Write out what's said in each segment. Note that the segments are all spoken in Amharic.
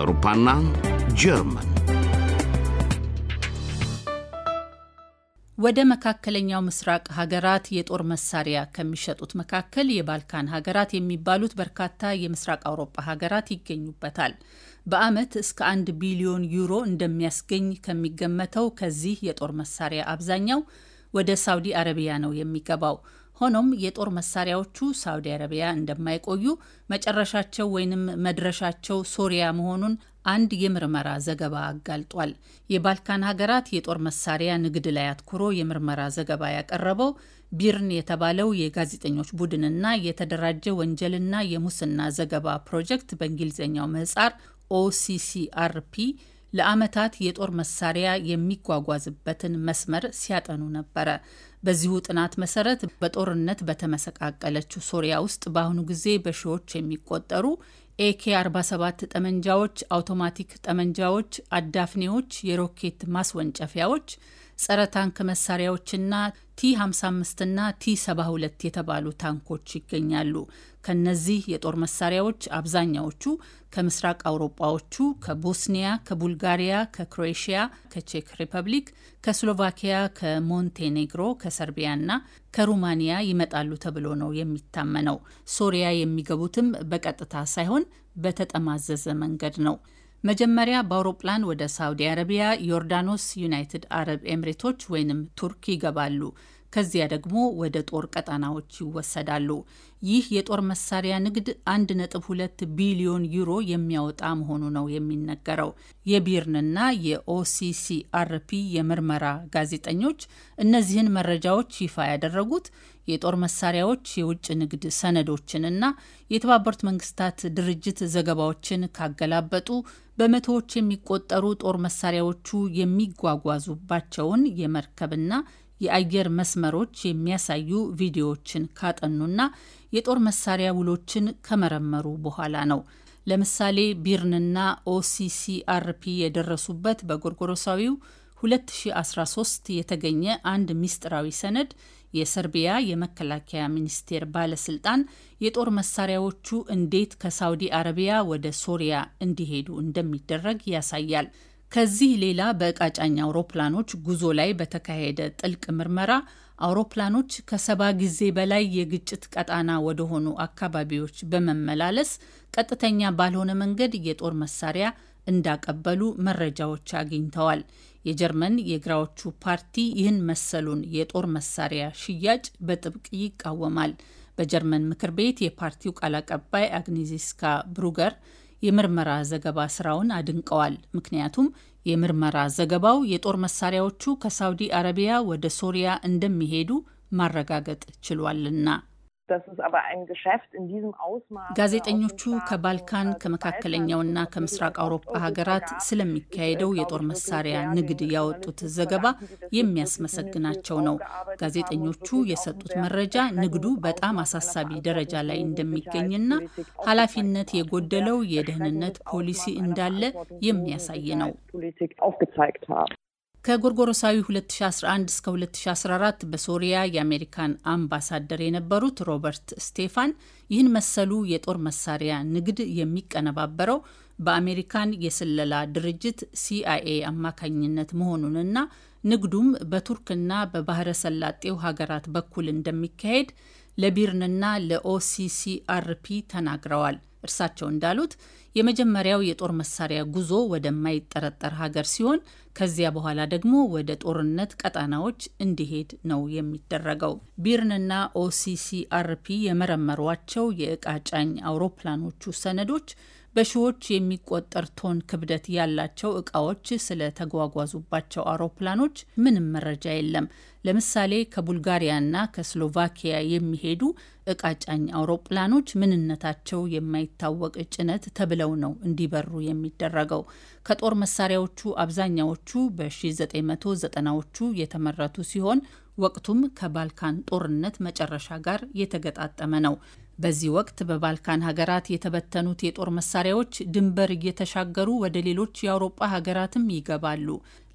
አውሮፓና ጀርመን ወደ መካከለኛው ምስራቅ ሀገራት የጦር መሳሪያ ከሚሸጡት መካከል የባልካን ሀገራት የሚባሉት በርካታ የምስራቅ አውሮፓ ሀገራት ይገኙበታል። በዓመት እስከ አንድ ቢሊዮን ዩሮ እንደሚያስገኝ ከሚገመተው ከዚህ የጦር መሳሪያ አብዛኛው ወደ ሳውዲ አረቢያ ነው የሚገባው። ሆኖም የጦር መሳሪያዎቹ ሳውዲ አረቢያ እንደማይቆዩ መጨረሻቸው ወይንም መድረሻቸው ሶሪያ መሆኑን አንድ የምርመራ ዘገባ አጋልጧል። የባልካን ሀገራት የጦር መሳሪያ ንግድ ላይ አትኩሮ የምርመራ ዘገባ ያቀረበው ቢርን የተባለው የጋዜጠኞች ቡድንና የተደራጀ ወንጀልና የሙስና ዘገባ ፕሮጀክት በእንግሊዝኛው ምህጻር ኦሲሲአርፒ ለአመታት የጦር መሳሪያ የሚጓጓዝበትን መስመር ሲያጠኑ ነበረ። በዚሁ ጥናት መሰረት በጦርነት በተመሰቃቀለችው ሶሪያ ውስጥ በአሁኑ ጊዜ በሺዎች የሚቆጠሩ ኤኬ 47 ጠመንጃዎች፣ አውቶማቲክ ጠመንጃዎች፣ አዳፍኔዎች፣ የሮኬት ማስወንጨፊያዎች፣ ጸረ ታንክ መሳሪያዎችና ቲ55 እና ቲ72 የተባሉ ታንኮች ይገኛሉ። ከነዚህ የጦር መሳሪያዎች አብዛኛዎቹ ከምስራቅ አውሮጳዎቹ ከቦስኒያ፣ ከቡልጋሪያ፣ ከክሮኤሽያ፣ ከቼክ ሪፐብሊክ፣ ከስሎቫኪያ፣ ከሞንቴኔግሮ፣ ከሰርቢያ እና ከሩማኒያ ይመጣሉ ተብሎ ነው የሚታመነው። ሶሪያ የሚገቡትም በቀጥታ ሳይሆን በተጠማዘዘ መንገድ ነው። መጀመሪያ በአውሮፕላን ወደ ሳውዲ አረቢያ፣ ዮርዳኖስ፣ ዩናይትድ አረብ ኤምሬቶች ወይንም ቱርክ ይገባሉ። ከዚያ ደግሞ ወደ ጦር ቀጠናዎች ይወሰዳሉ። ይህ የጦር መሳሪያ ንግድ 1.2 ቢሊዮን ዩሮ የሚያወጣ መሆኑ ነው የሚነገረው። የቢርንና የኦሲሲአርፒ የምርመራ ጋዜጠኞች እነዚህን መረጃዎች ይፋ ያደረጉት የጦር መሳሪያዎች የውጭ ንግድ ሰነዶችንና የተባበሩት መንግስታት ድርጅት ዘገባዎችን ካገላበጡ በመቶዎች የሚቆጠሩ ጦር መሳሪያዎቹ የሚጓጓዙባቸውን የመርከብና የአየር መስመሮች የሚያሳዩ ቪዲዮዎችን ካጠኑና የጦር መሳሪያ ውሎችን ከመረመሩ በኋላ ነው። ለምሳሌ ቢርንና ኦሲሲአርፒ የደረሱበት በጎርጎሮሳዊው 2013 የተገኘ አንድ ምስጢራዊ ሰነድ የሰርቢያ የመከላከያ ሚኒስቴር ባለስልጣን የጦር መሳሪያዎቹ እንዴት ከሳውዲ አረቢያ ወደ ሶሪያ እንዲሄዱ እንደሚደረግ ያሳያል። ከዚህ ሌላ በቃጫኝ አውሮፕላኖች ጉዞ ላይ በተካሄደ ጥልቅ ምርመራ አውሮፕላኖች ከሰባ ጊዜ በላይ የግጭት ቀጣና ወደሆኑ አካባቢዎች በመመላለስ ቀጥተኛ ባልሆነ መንገድ የጦር መሳሪያ እንዳቀበሉ መረጃዎች አግኝተዋል። የጀርመን የግራዎቹ ፓርቲ ይህን መሰሉን የጦር መሳሪያ ሽያጭ በጥብቅ ይቃወማል። በጀርመን ምክር ቤት የፓርቲው ቃል አቀባይ አግኒዚስካ ብሩገር የምርመራ ዘገባ ስራውን አድንቀዋል። ምክንያቱም የምርመራ ዘገባው የጦር መሳሪያዎቹ ከሳውዲ አረቢያ ወደ ሶሪያ እንደሚሄዱ ማረጋገጥ ችሏልና። ጋዜጠኞቹ ከባልካን ከመካከለኛውና ከምስራቅ አውሮፓ ሀገራት ስለሚካሄደው የጦር መሳሪያ ንግድ ያወጡት ዘገባ የሚያስመሰግናቸው ነው። ጋዜጠኞቹ የሰጡት መረጃ ንግዱ በጣም አሳሳቢ ደረጃ ላይ እንደሚገኝና ኃላፊነት የጎደለው የደህንነት ፖሊሲ እንዳለ የሚያሳይ ነው። ከጎርጎሮሳዊ 2011 እስከ 2014 በሶሪያ የአሜሪካን አምባሳደር የነበሩት ሮበርት ስቴፋን ይህን መሰሉ የጦር መሳሪያ ንግድ የሚቀነባበረው በአሜሪካን የስለላ ድርጅት ሲአይኤ አማካኝነት መሆኑንና ንግዱም በቱርክና በባህረ ሰላጤው ሀገራት በኩል እንደሚካሄድ ለቢርንና ለኦሲሲአርፒ ተናግረዋል። እርሳቸው እንዳሉት የመጀመሪያው የጦር መሳሪያ ጉዞ ወደማይጠረጠር ሀገር ሲሆን ከዚያ በኋላ ደግሞ ወደ ጦርነት ቀጣናዎች እንዲሄድ ነው የሚደረገው። ቢርንና ኦሲሲአርፒ የመረመሯቸው የእቃ ጫኝ አውሮፕላኖቹ ሰነዶች በሺዎች የሚቆጠር ቶን ክብደት ያላቸው እቃዎች ስለተጓጓዙባቸው አውሮፕላኖች ምንም መረጃ የለም። ለምሳሌ ከቡልጋሪያና ከስሎቫኪያ የሚሄዱ እቃ ጫኝ አውሮፕላኖች ምንነታቸው የማይታወቅ ጭነት ተብለው ነው እንዲበሩ የሚደረገው። ከጦር መሳሪያዎቹ አብዛኛዎቹ በ1990ዎቹ የተመረቱ ሲሆን ወቅቱም ከባልካን ጦርነት መጨረሻ ጋር የተገጣጠመ ነው። በዚህ ወቅት በባልካን ሀገራት የተበተኑት የጦር መሳሪያዎች ድንበር እየተሻገሩ ወደ ሌሎች የአውሮጳ ሀገራትም ይገባሉ።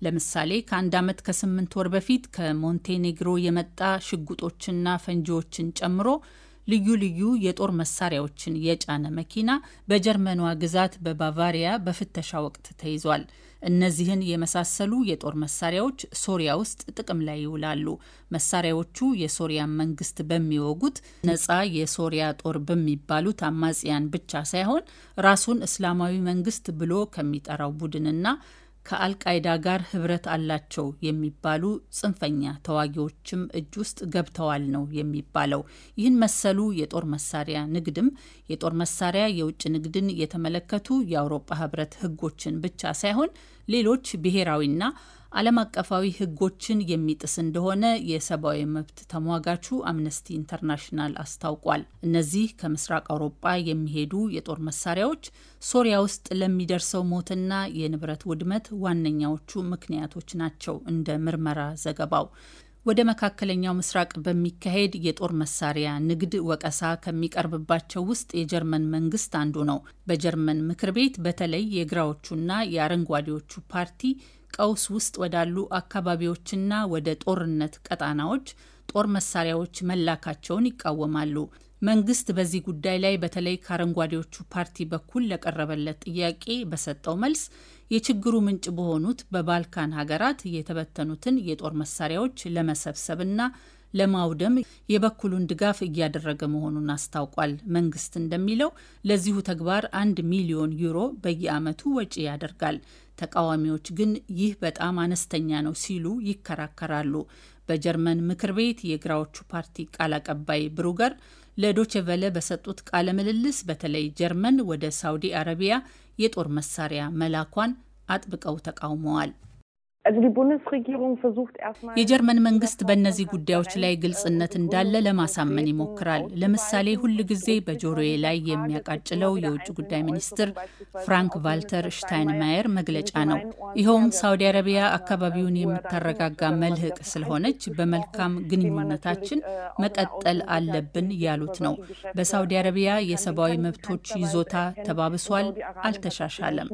ለምሳሌ ከአንድ ዓመት ከስምንት ወር በፊት ከሞንቴኔግሮ የመጣ ሽጉጦችና ፈንጂዎችን ጨምሮ ልዩ ልዩ የጦር መሳሪያዎችን የጫነ መኪና በጀርመኗ ግዛት በባቫሪያ በፍተሻ ወቅት ተይዟል። እነዚህን የመሳሰሉ የጦር መሳሪያዎች ሶሪያ ውስጥ ጥቅም ላይ ይውላሉ። መሳሪያዎቹ የሶሪያን መንግስት በሚወጉት ነፃ የሶሪያ ጦር በሚባሉት አማጽያን ብቻ ሳይሆን ራሱን እስላማዊ መንግስት ብሎ ከሚጠራው ቡድንና ከአልቃይዳ ጋር ህብረት አላቸው የሚባሉ ጽንፈኛ ተዋጊዎችም እጅ ውስጥ ገብተዋል ነው የሚባለው። ይህን መሰሉ የጦር መሳሪያ ንግድም የጦር መሳሪያ የውጭ ንግድን የተመለከቱ የአውሮፓ ህብረት ህጎችን ብቻ ሳይሆን ሌሎች ብሔራዊና ዓለም አቀፋዊ ሕጎችን የሚጥስ እንደሆነ የሰብአዊ መብት ተሟጋቹ አምነስቲ ኢንተርናሽናል አስታውቋል። እነዚህ ከምስራቅ አውሮጳ የሚሄዱ የጦር መሳሪያዎች ሶሪያ ውስጥ ለሚደርሰው ሞትና የንብረት ውድመት ዋነኛዎቹ ምክንያቶች ናቸው እንደ ምርመራ ዘገባው። ወደ መካከለኛው ምስራቅ በሚካሄድ የጦር መሳሪያ ንግድ ወቀሳ ከሚቀርብባቸው ውስጥ የጀርመን መንግስት አንዱ ነው። በጀርመን ምክር ቤት በተለይ የግራዎቹና የአረንጓዴዎቹ ፓርቲ ቀውስ ውስጥ ወዳሉ አካባቢዎችና ወደ ጦርነት ቀጣናዎች ጦር መሳሪያዎች መላካቸውን ይቃወማሉ። መንግስት በዚህ ጉዳይ ላይ በተለይ ከአረንጓዴዎቹ ፓርቲ በኩል ለቀረበለት ጥያቄ በሰጠው መልስ የችግሩ ምንጭ በሆኑት በባልካን ሀገራት የተበተኑትን የጦር መሳሪያዎች ለመሰብሰብና ለማውደም የበኩሉን ድጋፍ እያደረገ መሆኑን አስታውቋል። መንግስት እንደሚለው ለዚሁ ተግባር አንድ ሚሊዮን ዩሮ በየዓመቱ ወጪ ያደርጋል። ተቃዋሚዎች ግን ይህ በጣም አነስተኛ ነው ሲሉ ይከራከራሉ። በጀርመን ምክር ቤት የግራዎቹ ፓርቲ ቃል አቀባይ ብሩገር ለዶችቨለ በሰጡት ቃለ ምልልስ በተለይ ጀርመን ወደ ሳውዲ አረቢያ የጦር መሳሪያ መላኳን አጥብቀው ተቃውመዋል። Also die Bundesregierung versucht erstmal የጀርመን መንግስት በእነዚህ ጉዳዮች ላይ ግልጽነት እንዳለ ለማሳመን ይሞክራል። ለምሳሌ ሁል ጊዜ በጆሮዬ ላይ የሚያቃጭለው የውጭ ጉዳይ ሚኒስትር ፍራንክ ቫልተር ሽታይንማየር መግለጫ ነው። ይኸውም ሳውዲ አረቢያ አካባቢውን የምታረጋጋ መልህቅ ስለሆነች በመልካም ግንኙነታችን መቀጠል አለብን ያሉት ነው። በሳውዲ አረቢያ የሰብአዊ መብቶች ይዞታ ተባብሷል፣ አልተሻሻለም።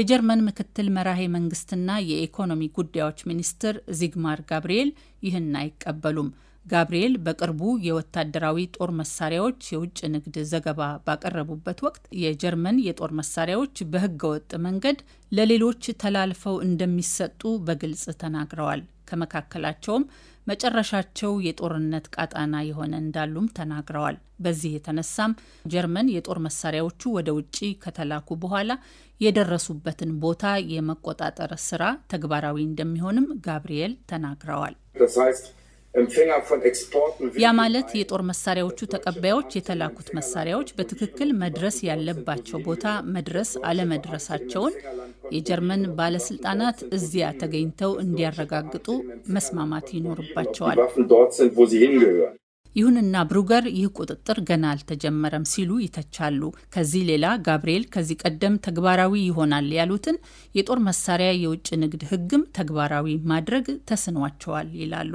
የጀርመን ምክትል መራሄ መንግስትና የኢኮኖሚ ጉዳዮች ሚኒስትር ዚግማር ጋብርኤል ይህን አይቀበሉም። ጋብርኤል በቅርቡ የወታደራዊ ጦር መሳሪያዎች የውጭ ንግድ ዘገባ ባቀረቡበት ወቅት የጀርመን የጦር መሳሪያዎች በህገወጥ መንገድ ለሌሎች ተላልፈው እንደሚሰጡ በግልጽ ተናግረዋል። ከመካከላቸውም መጨረሻቸው የጦርነት ቃጣና የሆነ እንዳሉም ተናግረዋል። በዚህ የተነሳም ጀርመን የጦር መሳሪያዎቹ ወደ ውጭ ከተላኩ በኋላ የደረሱበትን ቦታ የመቆጣጠር ስራ ተግባራዊ እንደሚሆንም ጋብርኤል ተናግረዋል። ያ ማለት የጦር መሳሪያዎቹ ተቀባዮች የተላኩት መሳሪያዎች በትክክል መድረስ ያለባቸው ቦታ መድረስ አለመድረሳቸውን የጀርመን ባለስልጣናት እዚያ ተገኝተው እንዲያረጋግጡ መስማማት ይኖርባቸዋል። ይሁንና ብሩገር ይህ ቁጥጥር ገና አልተጀመረም ሲሉ ይተቻሉ። ከዚህ ሌላ ጋብርኤል ከዚህ ቀደም ተግባራዊ ይሆናል ያሉትን የጦር መሳሪያ የውጭ ንግድ ሕግም ተግባራዊ ማድረግ ተስኗቸዋል ይላሉ።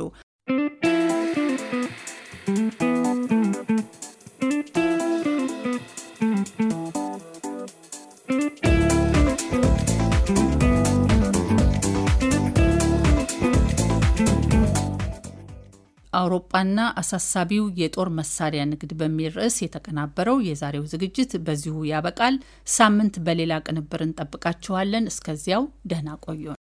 አውሮጳና አሳሳቢው የጦር መሳሪያ ንግድ በሚል ርዕስ የተቀናበረው የዛሬው ዝግጅት በዚሁ ያበቃል። ሳምንት በሌላ ቅንብር እንጠብቃችኋለን። እስከዚያው ደህና ቆዩን።